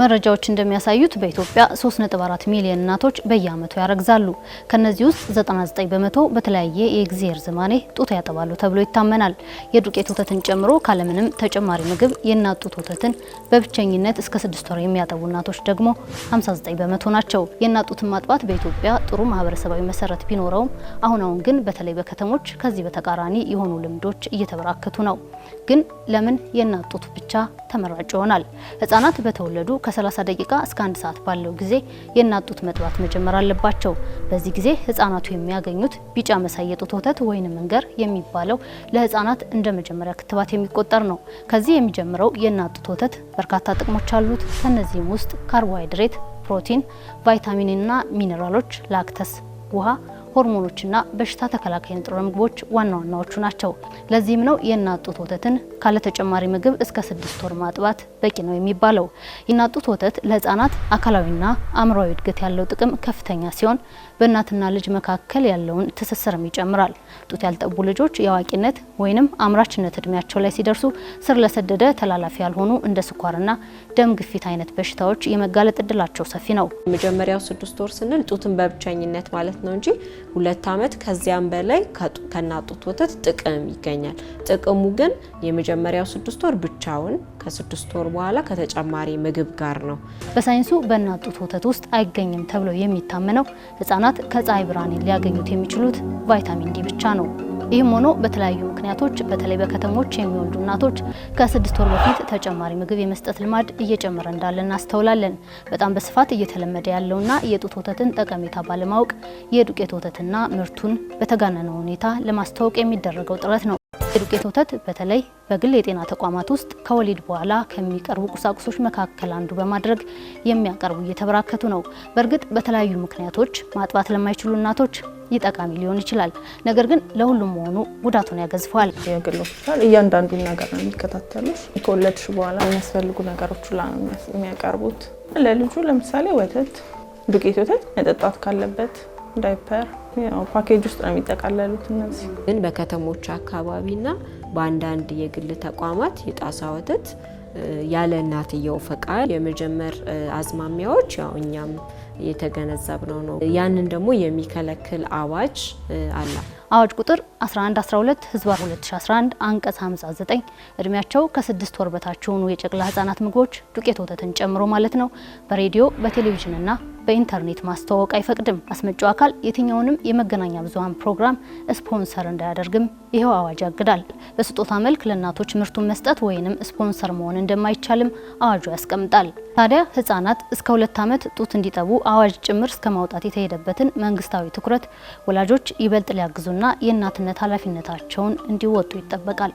መረጃዎች እንደሚያሳዩት በኢትዮጵያ 3.4 ሚሊዮን እናቶች በየዓመቱ ያረግዛሉ። ከነዚህ ውስጥ 99 በመቶ በተለያየ የእግዚአብሔር ዝማኔ ጡት ያጠባሉ ተብሎ ይታመናል። የዱቄት ወተትን ጨምሮ ካለምንም ተጨማሪ ምግብ የእናት ጡት ወተትን በብቸኝነት እስከ 6 ወር የሚያጠቡ እናቶች ደግሞ 59 በመቶ ናቸው። የእናት ጡትን ማጥባት በኢትዮጵያ ጥሩ ማህበረሰባዊ መሰረት ቢኖረውም አሁን አሁን ግን በተለይ በከተሞች ከዚህ በተቃራኒ የሆኑ ልምዶች እየተበራከቱ ነው። ግን ለምን የእናት ጡት ብቻ ተመራጭ ይሆናል? ህጻናት በተወለዱ ከ30 ደቂቃ እስከ አንድ ሰዓት ባለው ጊዜ የእናት ጡት መጥባት መጀመር አለባቸው። በዚህ ጊዜ ህጻናቱ የሚያገኙት ቢጫ መሳይ የጡት ወተት ወይንም መንገር የሚባለው ለህጻናት እንደ መጀመሪያ ክትባት የሚቆጠር ነው። ከዚህ የሚጀምረው የእናት ጡት ወተት በርካታ ጥቅሞች አሉት። ከነዚህም ውስጥ ካርቦሃይድሬት፣ ፕሮቲን፣ ቫይታሚንና ሚኔራሎች፣ ላክተስ፣ ውሃ ሆርሞኖችና በሽታ ተከላካይ ንጥረ ምግቦች ዋና ዋናዎቹ ናቸው። ለዚህም ነው የእናት ጡት ወተትን ካለ ተጨማሪ ምግብ እስከ ስድስት ወር ማጥባት በቂ ነው የሚባለው። የእናት ጡት ወተት ለህፃናት አካላዊና አእምሯዊ እድገት ያለው ጥቅም ከፍተኛ ሲሆን በእናትና ልጅ መካከል ያለውን ትስስርም ይጨምራል። ጡት ያልጠቡ ልጆች የአዋቂነት ወይንም አምራችነት እድሜያቸው ላይ ሲደርሱ ስር ለሰደደ ተላላፊ ያልሆኑ እንደ ስኳርና ደም ግፊት አይነት በሽታዎች የመጋለጥ እድላቸው ሰፊ ነው። መጀመሪያው ስድስት ወር ስንል ጡትን በብቸኝነት ማለት ነው እንጂ ሁለት ዓመት ከዚያም በላይ ከእናት ጡት ወተት ጥቅም ይገኛል። ጥቅሙ ግን የመጀመሪያው ስድስት ወር ብቻውን፣ ከስድስት ወር በኋላ ከተጨማሪ ምግብ ጋር ነው። በሳይንሱ በእናት ጡት ወተት ውስጥ አይገኝም ተብሎ የሚታመነው ህጻናት ህጻናት ከፀሐይ ብርሃን ሊያገኙት የሚችሉት ቫይታሚን ዲ ብቻ ነው። ይህም ሆኖ በተለያዩ ምክንያቶች በተለይ በከተሞች የሚወልዱ እናቶች ከስድስት ወር በፊት ተጨማሪ ምግብ የመስጠት ልማድ እየጨመረ እንዳለ እናስተውላለን። በጣም በስፋት እየተለመደ ያለውና የጡት ወተትን ጠቀሜታ ባለማወቅ የዱቄት ወተትና ምርቱን በተጋነነ ሁኔታ ለማስተዋወቅ የሚደረገው ጥረት ነው። የዱቄት ወተት በተለይ በግል የጤና ተቋማት ውስጥ ከወሊድ በኋላ ከሚቀርቡ ቁሳቁሶች መካከል አንዱ በማድረግ የሚያቀርቡ እየተበራከቱ ነው። በእርግጥ በተለያዩ ምክንያቶች ማጥባት ለማይችሉ እናቶች ይህ ጠቃሚ ሊሆን ይችላል። ነገር ግን ለሁሉም መሆኑ ጉዳቱን ያገዝፈዋል። የግል ሆስፒታል እያንዳንዱን ነገር ነው የሚከታተሉት። ከወለድሽ በኋላ የሚያስፈልጉ ነገሮች የሚያቀርቡት። ለልጁ ለምሳሌ ወተት፣ ዱቄት ወተት መጠጣት ካለበት ዳይፐር ፓኬጅ ውስጥ ነው የሚጠቃለሉት። እነዚህ ግን በከተሞች አካባቢና በአንዳንድ የግል ተቋማት የጣሳ ወተት ያለ እናትየው ፈቃድ የመጀመር አዝማሚያዎች ያው እኛም የተገነዘብነው ነው። ያንን ደግሞ የሚከለክል አዋጅ አለ። አዋጅ ቁጥር 1112 ህዝባ 2011 አንቀጽ 59 እድሜያቸው ከስድስት ወር በታች የሆኑ የጨቅላ ህጻናት ምግቦች ዱቄት ወተትን ጨምሮ ማለት ነው በሬዲዮ በቴሌቪዥንና በኢንተርኔት ማስተዋወቅ አይፈቅድም። አስመጪው አካል የትኛውንም የመገናኛ ብዙሃን ፕሮግራም ስፖንሰር እንዳያደርግም ይኸው አዋጅ ያግዳል። በስጦታ መልክ ለእናቶች ምርቱን መስጠት ወይንም ስፖንሰር መሆን እንደማይቻልም አዋጁ ያስቀምጣል። ታዲያ ህጻናት እስከ ሁለት ዓመት ጡት እንዲጠቡ አዋጅ ጭምር እስከ ማውጣት የተሄደበትን መንግስታዊ ትኩረት ወላጆች ይበልጥ ሊያግዙና የእናትነት ኃላፊነታቸውን እንዲወጡ ይጠበቃል።